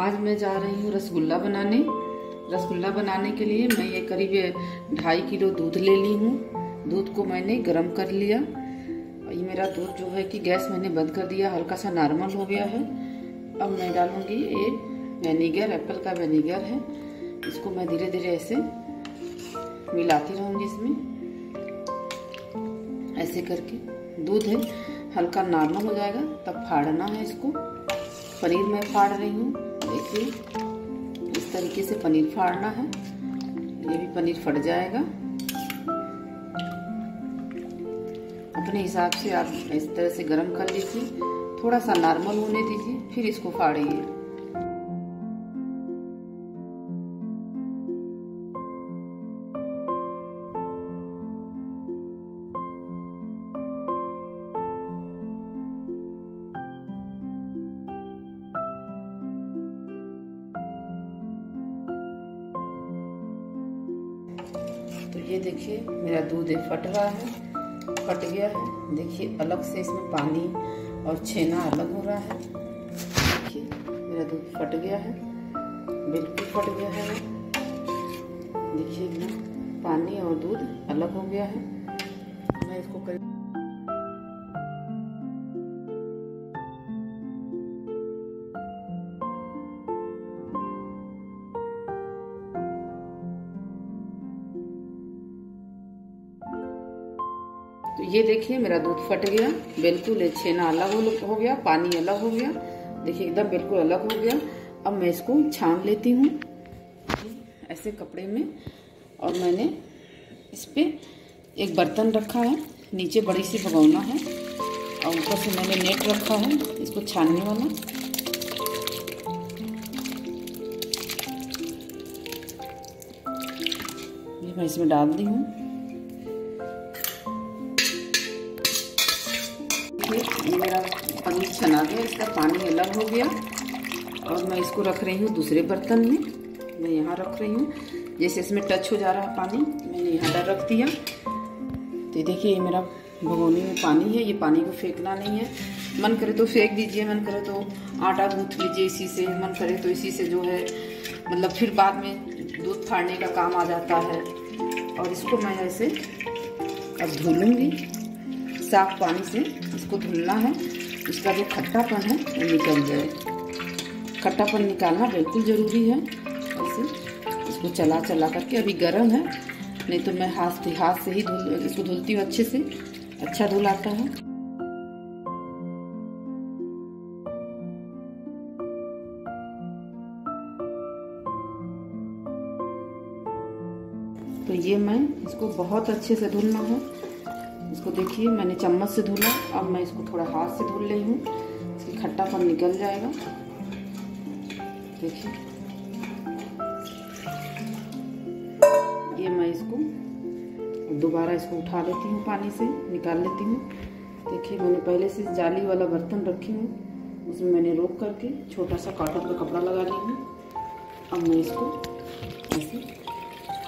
आज मैं जा रही हूँ रसगुल्ला बनाने रसगुल्ला बनाने के लिए मैं ये करीब ढाई किलो दूध ले ली हूँ दूध को मैंने गर्म कर लिया ये मेरा दूध जो है कि गैस मैंने बंद कर दिया हल्का सा नॉर्मल हो गया है अब मैं डालूँगी ये वेनीगर एप्पल का वेनीगर है इसको मैं धीरे धीरे ऐसे मिलाती रहूँगी इसमें ऐसे करके दूध है हल्का नॉर्मल हो जाएगा तब फाड़ना है इसको पनीर मैं फाड़ रही हूँ से इस तरीके से पनीर फाड़ना है ये भी पनीर फट जाएगा अपने हिसाब से आप इस तरह से गरम कर लीजिए थोड़ा सा नॉर्मल होने दीजिए फिर इसको फाड़िए तो ये देखिए मेरा दूध एक फट रहा है फट गया है देखिए अलग से इसमें पानी और छेना अलग हो रहा है देखिए मेरा दूध फट गया है बिल्कुल फट गया है देखिए पानी और दूध अलग हो गया है ये देखिए मेरा दूध फट गया बिल्कुल छेना अलग हो गया पानी अलग हो गया देखिए एकदम बिल्कुल अलग हो गया अब मैं इसको छान लेती हूँ ऐसे कपड़े में और मैंने इस पर एक बर्तन रखा है नीचे बड़ी सी भगौना है और ऊपर से मैंने नेट रखा है इसको छानने वाला ये मैं इसमें डाल दी हूँ सना दिया इसका पानी अलग हो गया और मैं इसको रख रही हूँ दूसरे बर्तन में मैं यहाँ रख रही हूँ जैसे इसमें टच हो जा रहा है पानी मैंने यहाँ डर रख दिया तो देखिए ये मेरा भगोनी में पानी है ये पानी को फेंकना नहीं है मन करे तो फेंक दीजिए मन करे तो आटा गूंथ लीजिए इसी से मन करे तो इसी से जो है मतलब फिर बाद में दूध फाड़ने का काम आ जाता है और इसको मैं ऐसे अब धुलूँगी साफ पानी से इसको धुलना है इसका जो खट्टापन है वो निकल जाए खट्टापन निकालना बिल्कुल ज़रूरी है ऐसे इसको चला चला करके अभी गर्म है नहीं तो मैं हाथ से हाथ से ही धुल इसको धुलती हूँ अच्छे से अच्छा धुल आता है तो ये मैं इसको बहुत अच्छे से धुलना है इसको देखिए मैंने चम्मच से धुला अब मैं इसको थोड़ा हाथ से धुल रही हूँ इसकी खट्टापन निकल जाएगा देखिए ये मैं इसको दोबारा इसको उठा लेती हूँ पानी से निकाल लेती हूँ देखिए मैंने पहले से जाली वाला बर्तन रखी हूँ उसमें मैंने रोक करके छोटा सा काटन का कपड़ा लगा ली हूँ अब मैं इसको ऐसे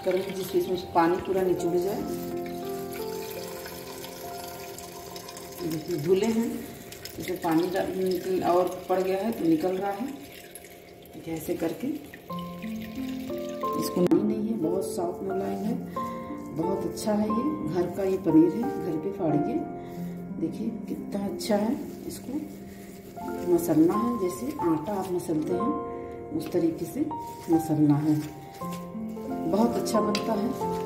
करूँगी जिससे इसमें पानी पूरा निचुड़ जाए जिसमें धुले हैं इसमें पानी और पड़ गया है तो निकल रहा है जैसे करके इसको नहीं है बहुत सॉफ्ट मलाई है बहुत अच्छा है ये घर का ये पनीर है घर पे फाड़िए देखिए कितना अच्छा है इसको मसलना है जैसे आटा आप मसलते हैं उस तरीके से मसलना है बहुत अच्छा बनता है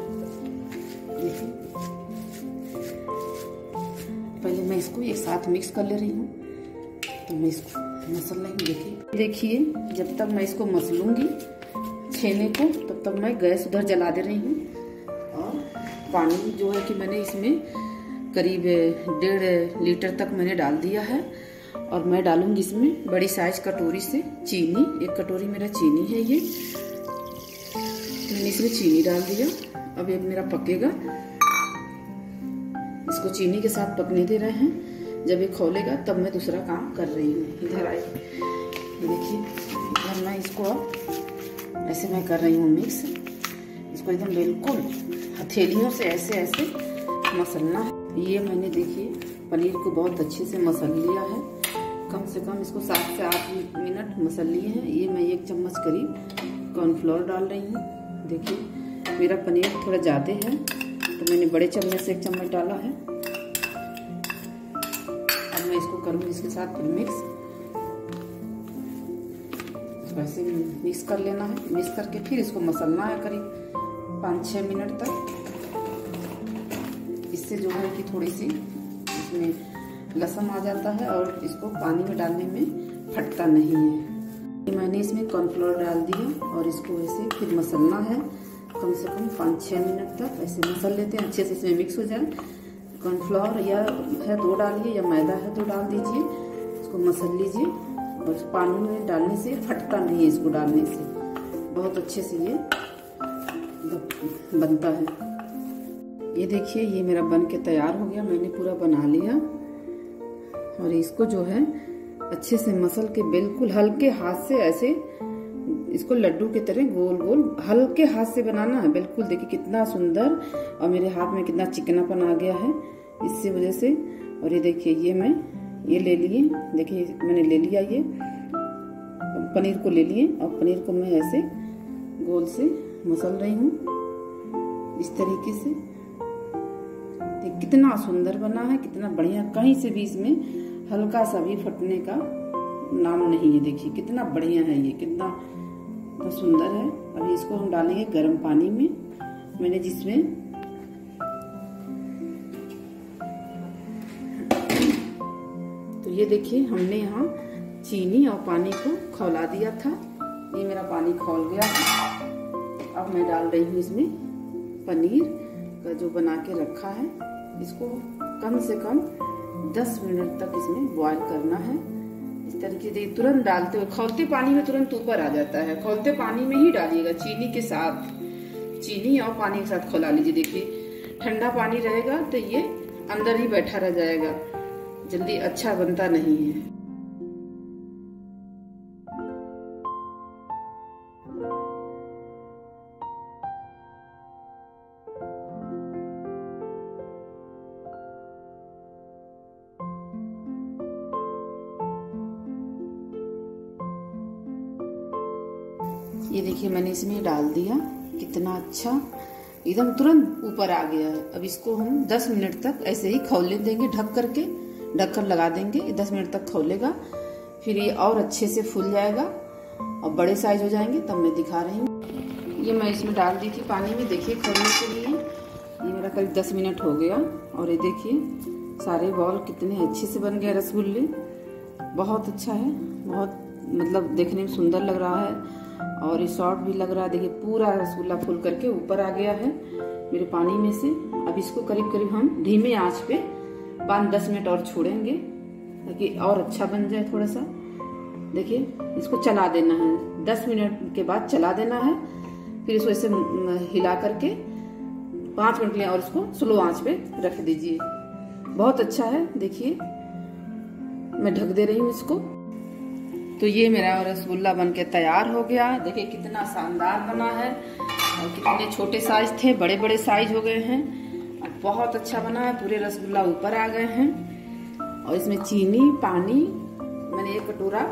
पहले मैं इसको एक साथ मिक्स कर ले रही हूँ तो मैं इसको मसल रही देखिए देखिए जब तक मैं इसको मसलूँगी छेने को तब तक मैं गैस उधर जला दे रही हूँ और पानी जो है कि मैंने इसमें करीब डेढ़ लीटर तक मैंने डाल दिया है और मैं डालूंगी इसमें बड़ी साइज कटोरी से चीनी एक कटोरी मेरा चीनी है ये मैंने इसमें चीनी डाल दिया अब ये मेरा पकेगा इसको तो चीनी के साथ पकने दे रहे हैं जब ये खोलेगा तब मैं दूसरा काम कर रही हूँ इधर आई देखिए इधर मैं इसको ऐसे मैं कर रही हूँ मिक्स इसको एकदम बिल्कुल हथेलियों से ऐसे ऐसे मसलना है ये मैंने देखिए पनीर को बहुत अच्छे से मसल लिया है कम से कम इसको सात से आठ मिनट मसल लिए हैं ये मैं एक चम्मच करीब कॉर्नफ्लोर डाल रही हूँ देखिए मेरा पनीर थोड़ा ज़्यादा है तो मैंने बड़े चम्मच से एक चम्मच डाला है करूंगी इसके साथ फिर मिक्स वैसे मिक्स कर लेना है मिक्स करके फिर इसको मसलना है करीब पाँच छः मिनट तक इससे जो है कि थोड़ी सी इसमें लसन आ जाता है और इसको पानी में डालने में फटता नहीं है मैंने इसमें कॉर्नफ्लोर डाल दिया और इसको ऐसे फिर मसलना है कम से कम पाँच छः मिनट तक ऐसे मसल लेते हैं अच्छे से इसमें मिक्स हो जाए कॉर्नफ्लावर या है तो डालिए या मैदा है तो डाल दीजिए इसको मसल लीजिए और पानी में डालने से फटता नहीं है इसको डालने से बहुत अच्छे से ये बनता है ये देखिए ये मेरा बन के तैयार हो गया मैंने पूरा बना लिया और इसको जो है अच्छे से मसल के बिल्कुल हल्के हाथ से ऐसे इसको लड्डू की तरह गोल गोल हल्के हाथ से बनाना है बिल्कुल देखिए कितना सुंदर और मेरे हाथ में कितना चिकनापन आ गया है इससे वजह से और ये देखिए ये मैं ये ले लिए देखिए मैंने ले लिया ये पनीर को ले लिए और पनीर को मैं ऐसे गोल से मसल रही हूँ इस तरीके से कितना सुंदर बना है कितना बढ़िया कहीं से भी इसमें हल्का सा भी फटने का नाम नहीं है देखिए कितना बढ़िया है ये कितना तो सुंदर है अब इसको हम डालेंगे गर्म पानी में मैंने जिसमें तो ये देखिए हमने यहाँ चीनी और पानी को खौला दिया था ये मेरा पानी खौल गया है अब मैं डाल रही हूँ इसमें पनीर का जो बना के रखा है इसको कम से कम 10 मिनट तक इसमें बॉयल करना है इस तरीके से तुरंत डालते हुए खौलते पानी में तुरंत ऊपर आ जाता है खौलते पानी में ही डालिएगा चीनी के साथ चीनी और पानी के साथ खोला लीजिए देखिए ठंडा पानी रहेगा तो ये अंदर ही बैठा रह जाएगा जल्दी अच्छा बनता नहीं है ये देखिए मैंने इसमें डाल दिया कितना अच्छा एकदम तुरंत ऊपर आ गया है अब इसको हम 10 मिनट तक ऐसे ही खोल देंगे ढक करके कर लगा देंगे 10 मिनट तक खोलेगा फिर ये और अच्छे से फूल जाएगा और बड़े साइज हो जाएंगे तब मैं दिखा रही हूँ ये मैं इसमें डाल दी थी पानी में देखिए खोलने के लिए ये मेरा करीब दस मिनट हो गया और ये देखिए सारे बॉल कितने अच्छे से बन गए रसगुल्ले बहुत अच्छा है बहुत मतलब देखने में सुंदर लग रहा है और ये शॉर्ट भी लग रहा है देखिए पूरा रसगुल्ला फूल करके ऊपर आ गया है मेरे पानी में से अब इसको करीब करीब हम धीमे आंच पे पाँच दस मिनट और छोड़ेंगे ताकि और अच्छा बन जाए थोड़ा सा देखिए इसको चला देना है दस मिनट के बाद चला देना है फिर इसको ऐसे हिला करके पाँच मिनट लिया लिए और इसको स्लो आंच पे रख दीजिए बहुत अच्छा है देखिए मैं ढक दे रही हूँ इसको तो ये मेरा रसगुल्ला बन के तैयार हो गया देखिए कितना शानदार बना है और कितने छोटे साइज थे बड़े बड़े साइज हो गए हैं और बहुत अच्छा बना है पूरे रसगुल्ला ऊपर आ गए हैं और इसमें चीनी पानी मैंने एक कटोरा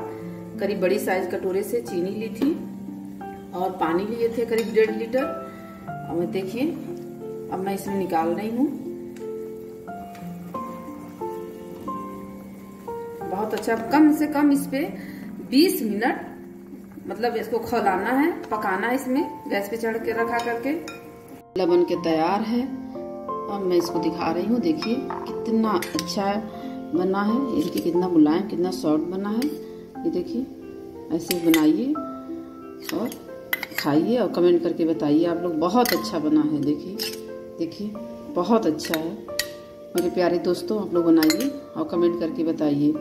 करीब बड़ी साइज कटोरे से चीनी ली थी और पानी लिए थे करीब डेढ़ लीटर और देखिए अब मैं इसमें निकाल रही हूँ बहुत अच्छा कम से कम इस पे 20 मिनट मतलब इसको खोलाना है पकाना है इसमें गैस पे चढ़ के रखा करके लवन के तैयार है अब मैं इसको दिखा रही हूँ देखिए कितना अच्छा बना है ये कितना मुलायम कितना सॉफ्ट बना है ये देखिए ऐसे बनाइए और खाइए और कमेंट करके बताइए आप लोग बहुत अच्छा बना है देखिए देखिए बहुत अच्छा है मेरे प्यारे दोस्तों आप लोग बनाइए और कमेंट करके बताइए